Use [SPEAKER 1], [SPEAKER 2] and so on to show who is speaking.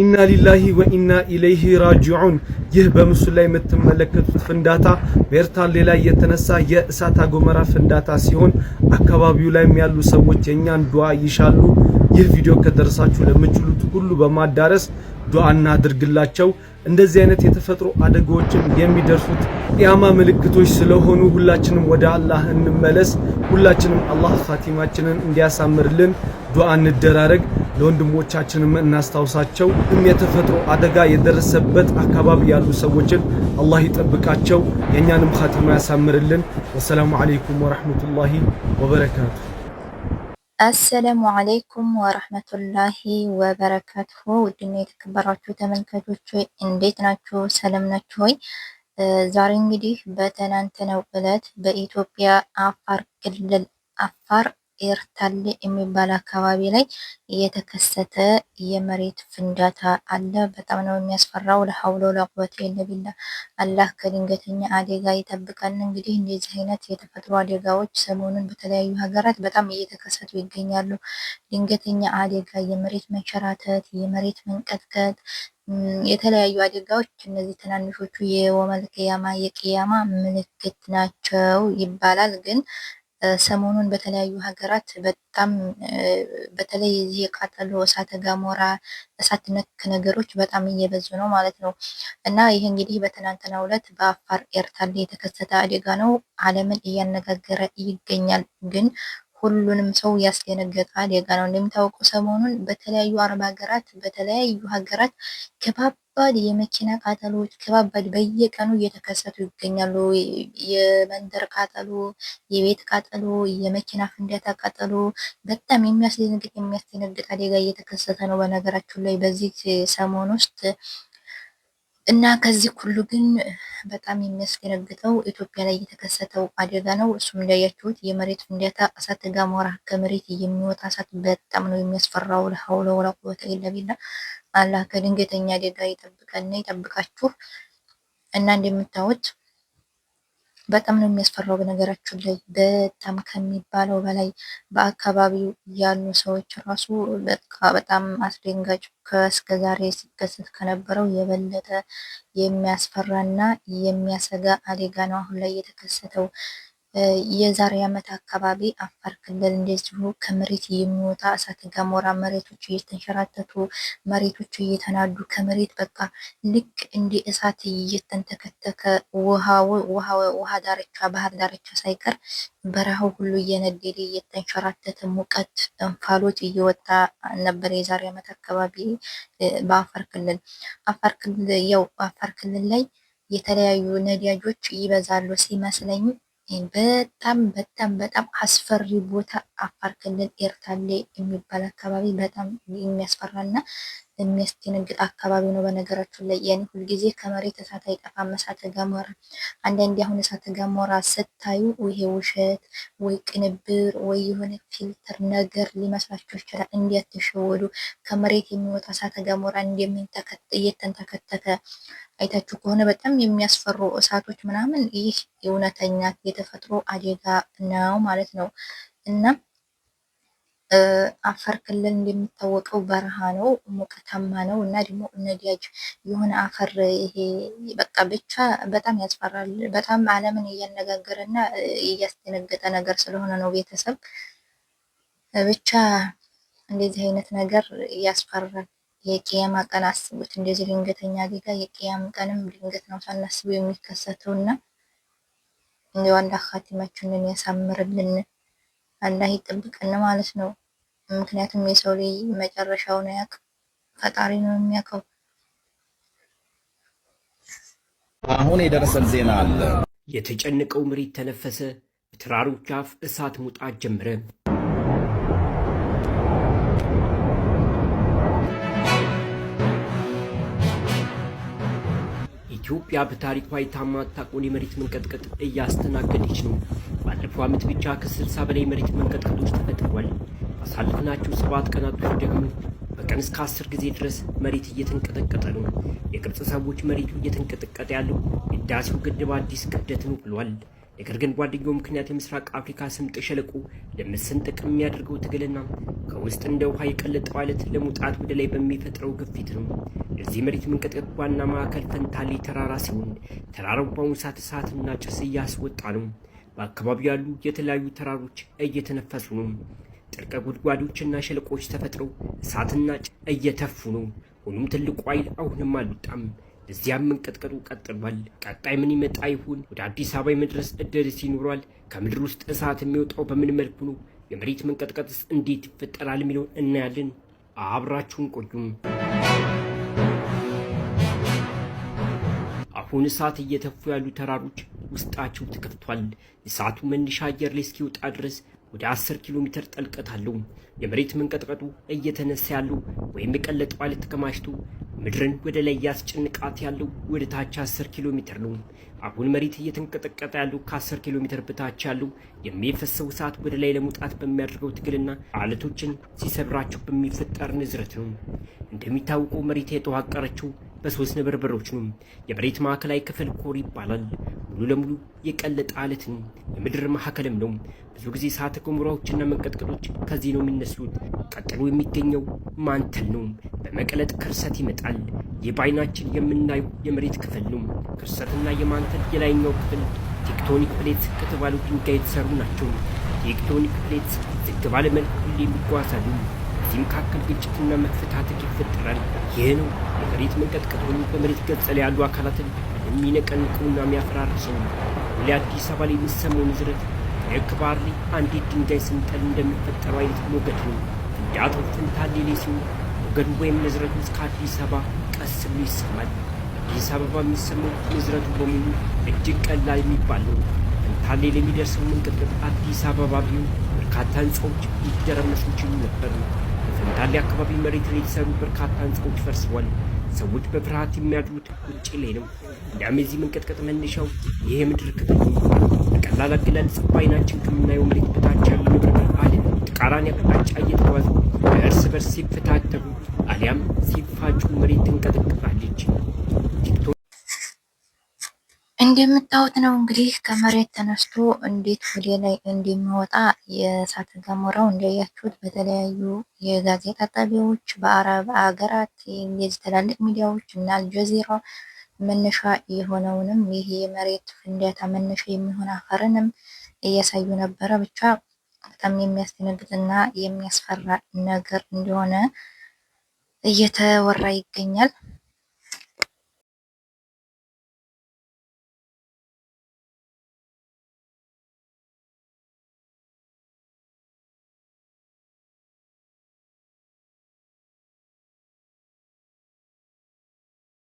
[SPEAKER 1] ኢና ሊላሂ ወኢና ኢለይሂ ራጅዑን ይህ በምስሉ ላይ የምትመለከቱት ፍንዳታ በኤርታሌ ላይ የተነሳ የእሳት ገሞራ ፍንዳታ ሲሆን አካባቢው ላይም ያሉ ሰዎች የእኛን ዱዓ ይሻሉ። ይህ ቪዲዮ ከደረሳችሁ ለምችሉት ሁሉ በማዳረስ ዱዓ እናድርግላቸው። እንደዚህ አይነት የተፈጥሮ አደጋዎችን የሚደርሱት ቂያማ ምልክቶች ስለሆኑ ሁላችንም ወደ አላህ እንመለስ። ሁላችንም አላህ ፋቲማችንን እንዲያሳምርልን ዱዓ እንደራረግ። ለወንድሞቻችንም እናስታውሳቸው። የተፈጥሮ አደጋ የደረሰበት አካባቢ ያሉ ሰዎችን አላህ ይጠብቃቸው፣ የእኛንም ኻቲማ ያሳምርልን። ወሰላሙ አለይኩም ወረሕመቱላሂ ወበረካቱ።
[SPEAKER 2] አሰላሙ አለይኩም ወረሕመቱላሂ ወበረካቱ ውድና የተከበራችሁ ተመልካቾች እንዴት ናችሁ? ሰላም ናችሁ ሆይ? ዛሬ እንግዲህ በትናንትናው ዕለት በኢትዮጵያ አፋር ክልል አፋር ኤርታሌ የሚባል አካባቢ ላይ የተከሰተ የመሬት ፍንዳታ አለ። በጣም ነው የሚያስፈራው። ለሐውሎ ለቁበት ኢለቢላ አላህ ከድንገተኛ አደጋ ይጠብቀን። እንግዲህ እንደዚህ አይነት የተፈጥሮ አደጋዎች ሰሞኑን በተለያዩ ሀገራት በጣም እየተከሰቱ ይገኛሉ። ድንገተኛ አደጋ፣ የመሬት መንሸራተት፣ የመሬት መንቀጥቀጥ የተለያዩ አደጋዎች እነዚህ ትናንሾቹ የወመል ቅያማ የቅያማ ምልክት ናቸው ይባላል ግን ሰሞኑን በተለያዩ ሀገራት በጣም በተለይ የዚህ የቃጠሎ እሳተ ገሞራ እሳት ነክ ነገሮች በጣም እየበዙ ነው ማለት ነው። እና ይህ እንግዲህ በትናንትና ዕለት በአፋር ኤርታሌ የተከሰተ አደጋ ነው። ዓለምን እያነጋገረ ይገኛል ግን ሁሉንም ሰው ያስደነገጠ አደጋ ነው። እንደሚታወቀው ሰሞኑን በተለያዩ አረብ ሀገራት በተለያዩ ሀገራት ከባባድ የመኪና ቃጠሎዎች ከባባድ በየቀኑ እየተከሰቱ ይገኛሉ። የመንደር ቃጠሎ፣ የቤት ቃጠሎ፣ የመኪና ፍንዳታ ቃጠሎ፣ በጣም የሚያስደነግጥ የሚያስደነግጥ አደጋ እየተከሰተ ነው። በነገራችን ላይ በዚህ ሰሞን ውስጥ እና ከዚህ ሁሉ ግን በጣም የሚያስደነግጠው ኢትዮጵያ ላይ የተከሰተው አደጋ ነው። እሱም እንዳያችሁት የመሬት ፍንዳታ፣ እሳተ ገሞራ፣ ከመሬት የሚወጣ እሳት በጣም ነው የሚያስፈራው። ለሀውለ ወላ ቁወተ ኢላ ቢላህ። አላህ ከድንገተኛ አደጋ ይጠብቀና ይጠብቃችሁ። እና እንደምታዩት በጣም ነው የሚያስፈራው። በነገራችን ላይ በጣም ከሚባለው በላይ በአካባቢው ያሉ ሰዎች ራሱ በጣም አስደንጋጭ ዛሬ ሲከሰት ከነበረው የበለጠ የሚያስፈራና የሚያሰጋ አደጋ ነው አሁን ላይ የተከሰተው። የዛሬ ዓመት አካባቢ አፋር ክልል እንደዚሁ ከመሬት የሚወጣ እሳተ ገሞራ መሬቶች እየተንሸራተቱ መሬቶች እየተናዱ ከመሬት በቃ ልክ እንደ እሳት እየተንተከተከ ውሃ ዳርቻ ባህር ዳርቻ ሳይቀር በረሃው ሁሉ እየነደደ እየተንሸራተተ ሙቀት እንፋሎት እየወጣ ነበር። የዛሬ ዓመት አካባቢ በአፋር ክልል አፋር ክልል ያው አፋር ክልል ላይ የተለያዩ ነዳጆች ይበዛሉ ሲመስለኝ በጣም በጣም በጣም አስፈሪ ቦታ አፋር ክልል ኤርታሌ የሚባል አካባቢ በጣም የሚያስፈራና የሚያስደነግጥ አካባቢ ነው። በነገራችን ላይ ያኔ ሁልጊዜ ከመሬት እሳት አይጠፋም፣ እሳተ ገሞራ። አንዳንዴ አሁን እሳተ ገሞራ ስታዩ ይሄ ውሸት ወይ ቅንብር ወይ የሆነ ፊልተር ነገር ሊመስላቸው ይችላል። እንዲያትሸወዱ ከመሬት የሚወጣ እሳተ ገሞራ እንደሚንተከት እየተንተከተከ አይታችሁ ከሆነ በጣም የሚያስፈሩ እሳቶች ምናምን፣ ይህ የእውነተኛ የተፈጥሮ አደጋ ነው ማለት ነው። እና አፋር ክልል እንደሚታወቀው በረሃ ነው፣ ሙቀታማ ነው እና ደግሞ ነዳጅ የሆነ አፈር ይሄ በቃ ብቻ በጣም ያስፈራል። በጣም ዓለምን እያነጋገረ እና እያስደነገጠ ነገር ስለሆነ ነው ቤተሰብ ብቻ እንደዚህ አይነት ነገር ያስፈራል። የቅያም ቀን አስቡት። እንደዚህ ድንገተኛ አደጋ የቅያም ቀንም ድንገት ነው ሳናስበው የሚከሰተው እና እንደ ያሳምርልን፣ አላህ ይጠብቅን ማለት ነው። ምክንያቱም የሰው ልጅ መጨረሻውን ያቅ ፈጣሪ ነው የሚያውቀው።
[SPEAKER 3] አሁን የደረሰን ዜና አለ።
[SPEAKER 4] የተጨነቀው መሬት ተነፈሰ። በተራሮች አፍ እሳት ሙጣት ጀመረ። ኢትዮጵያ በታሪኳ የማታውቀውን የመሬት መንቀጥቀጥ እያስተናገደች ነው። ባለፈው ዓመት ብቻ ከስልሳ በላይ የመሬት መንቀጥቀጦች ተፈጥሯል። ባሳለፍናቸው ሰባት ቀናት ውስጥ ደግሞ በቀን እስከ አስር ጊዜ ድረስ መሬት እየተንቀጠቀጠ ነው። የግብፅ ሰዎች መሬቱ እየተንቀጠቀጠ ያለው ህዳሴው ግድብ አዲስ ክብደት ነው ብሏል። ነገር ግን ጓደኛው ምክንያት የምስራቅ አፍሪካ ስምጥ ሸለቆ ጥቅም የሚያደርገው ትግልና ከውስጥ እንደ ውሃ የቀለጠው አለት ለመውጣት ወደ ላይ በሚፈጥረው ግፊት ነው። እዚህ መሬት መንቀጥቀጥ ዋና ማዕከል ፈንታሌ ተራራ ሲሆን ተራራው በአሁኑ ሰዓት እሳትና ጭስ እያስወጣ ነው። በአካባቢው ያሉ የተለያዩ ተራሮች እየተነፈሱ ነው። ጥልቅ ጉድጓዶችና ሸለቆዎች ተፈጥረው እሳትና ጭስ እየተፉ ነው። ሆኖም ትልቁ ኃይል አሁንም አልወጣም። እዚያም መንቀጥቀጡ ቀጥሏል። ቀጣይ ምን ይመጣ ይሁን ወደ አዲስ አበባ የመድረስ እድል ሲኖሯል? ከምድር ውስጥ እሳት የሚወጣው በምን መልኩ ነው? የመሬት መንቀጥቀጥስ እንዴት ይፈጠራል የሚለውን እናያለን። አብራችሁን ቆዩም። አሁን እሳት እየተፉ ያሉ ተራሮች ውስጣቸው ተከፍቷል። እሳቱ መነሻ አየር ላይ እስኪወጣ ድረስ ወደ 10 ኪሎ ሜትር ጥልቀት አለው። የመሬት መንቀጥቀጡ እየተነሳ ያለው ወይም የቀለጠው አለት ተከማችቶ ምድርን ወደ ላይ ያስጨንቃት ያለው ወደ ታች 10 ኪሎ ሜትር ነው። አሁን መሬት እየተንቀጠቀጠ ያለው ከ10 ኪሎ ሜትር በታች ያለው የሚፈሰው እሳት ወደ ላይ ለመውጣት በሚያደርገው ትግልና አለቶችን ሲሰብራቸው በሚፈጠር ንዝረት ነው። እንደሚታወቀው መሬት የተዋቀረችው በሶስት ንብርብሮች ነው። የመሬት ማዕከላዊ ክፍል ኮር ይባላል። ሙሉ ለሙሉ የቀለጠ አለት ነው። የምድር ማዕከልም ነው። ብዙ ጊዜ እሳተ ገሞራዎችና መንቀጥቀጦች ከዚህ ነው የሚነሱት። ቀጥሎ የሚገኘው ማንተል ነው። በመቀለጥ ክርሰት ይመጣል። ይህ በዓይናችን የምናየው የመሬት ክፍል ነው። ክርሰትና የማንተል የላይኛው ክፍል ቴክቶኒክ ፕሌትስ ከተባሉ ድንጋይ የተሰሩ ናቸው። ቴክቶኒክ ፕሌትስ ዝግ ባለ መልክ ሁሌ የሚጓዛሉ። በዚህ መካከል ግጭትና መፈታተክ ይፈጠራል። ይህ ነው የመሬት መንቀጥቀጥ ወይም በመሬት ገጽ ላይ ያሉ አካላትን የሚነቀንቁና የሚያፈራርሱ ነው። ሁሌ አዲስ አበባ ላይ የሚሰማው ንዝረት ልክ ባህር ላይ አንዴ ድንጋይ ስንጠል እንደሚፈጠረው አይነት ሞገድ ነው። ፍንዳታው ፈንታሌ ላይ ሲሆን ሞገዱ ወይም ንዝረቱ እስከ አዲስ አበባ ቀስ ብሎ ይሰማል። አዲስ አበባ የሚሰማው ንዝረቱ በሙሉ እጅግ ቀላል የሚባል ነው። ፈንታሌ ላይ የሚደርሰው መንቀጥቀጥ አዲስ አበባ ቢሆን በርካታ ሕንፃዎች ሊደረመሱ ይችሉ ነበር ነው። ፈንታሌ አካባቢ መሬት ላይ የተሰሩ በርካታ ህንፃዎች ፈርሰዋል። ሰዎች በፍርሃት የሚያድሩት ውጭ ላይ ነው። እንዳም የዚህ መንቀጥቀጥ መነሻው ይህ የምድር ክፍል በቀላል አገላለጽ በዓይናችን ከምናየው መሬት በታች ያሉ ንብረት አል ተቃራኒ አቅጣጫ እየተጓዙ በእርስ በርስ ሲፈታተሩ አሊያም ሲፋጩ መሬት ትንቀጠቀጣለች። እንደምታዩት ነው እንግዲህ ከመሬት ተነስቶ እንዴት ወደ ላይ እንደሚወጣ የእሳተ ገሞራው እንዳያችሁት በተለያዩ የጋዜጣ ጣቢያዎች በአረብ አገራት እንደዚህ ትላልቅ ሚዲያዎች እና አልጀዚራ መነሻ የሆነውንም ይህ የመሬት ፍንዳታ መነሻ የሚሆን አፈርንም እያሳዩ ነበረ። ብቻ በጣም የሚያስደነግጥና የሚያስፈራ ነገር እንደሆነ እየተወራ ይገኛል።